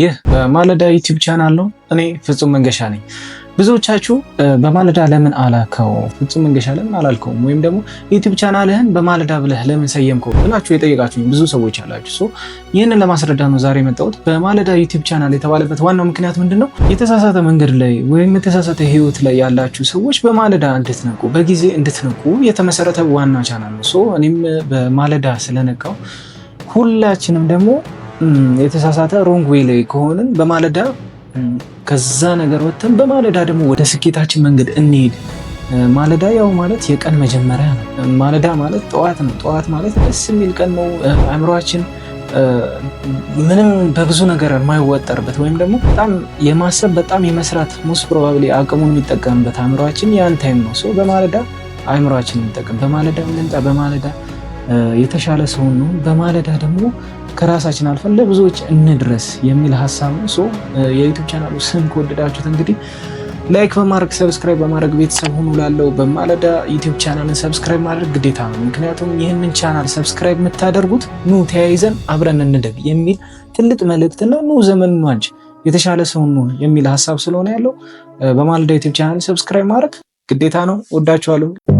ይህ በማለዳ ዩቲዩብ ቻናል ነው። እኔ ፍጹም መንገሻ ነኝ። ብዙዎቻችሁ በማለዳ ለምን አላከው ፍጹም መንገሻ ለምን አላልከውም ወይም ደግሞ ዩቲዩብ ቻናልህን በማለዳ ብለህ ለምን ሰየምከው ብላችሁ የጠየቃችሁ ብዙ ሰዎች አላችሁ። ሶ ይህንን ለማስረዳ ነው ዛሬ የመጣሁት። በማለዳ ዩቲዩብ ቻናል የተባለበት ዋናው ምክንያት ምንድን ነው? የተሳሳተ መንገድ ላይ ወይም የተሳሳተ ህይወት ላይ ያላችሁ ሰዎች በማለዳ እንድትነቁ፣ በጊዜ እንድትነቁ የተመሰረተ ዋና ቻናል ነው። ሶ እኔም በማለዳ ስለነቃው ሁላችንም ደግሞ የተሳሳተ ሮንግ ዌይ ላይ ከሆንን በማለዳ ከዛ ነገር ወጥተን በማለዳ ደግሞ ወደ ስኬታችን መንገድ እንሄድ። ማለዳ ያው ማለት የቀን መጀመሪያ ነው። ማለዳ ማለት ጠዋት ነው። ጠዋት ማለት ደስ የሚል ቀን ነው። አእምሯችን ምንም በብዙ ነገር የማይወጠርበት ወይም ደግሞ በጣም የማሰብ በጣም የመስራት ሞስት ፕሮባብሊ አቅሙን የሚጠቀምበት አእምሯችን ያን ታይም ነው። በማለዳ አእምሯችን የሚጠቀም በማለዳ ምንጣ በማለዳ የተሻለ ሰውን ነው በማለዳ ደግሞ ከራሳችን አልፈን ለብዙዎች እንድረስ የሚል ሀሳብ ነው። ሶ የዩቱብ ቻናሉ ስም ከወደዳችሁት እንግዲህ ላይክ በማድረግ ሰብስክራይብ በማድረግ ቤተሰብ ሁኑ። ላለው በማለዳ ዩቱብ ቻናልን ሰብስክራይብ ማድረግ ግዴታ ነው። ምክንያቱም ይህንን ቻናል ሰብስክራይብ የምታደርጉት ኑ ተያይዘን አብረን እንደግ የሚል ትልቅ መልእክትና ኑ ዘመን ኗንጅ የተሻለ ሰው እንሆን የሚል ሀሳብ ስለሆነ ያለው በማለዳ ዩቱብ ቻናል ሰብስክራይብ ማድረግ ግዴታ ነው። ወዳችኋለሁ።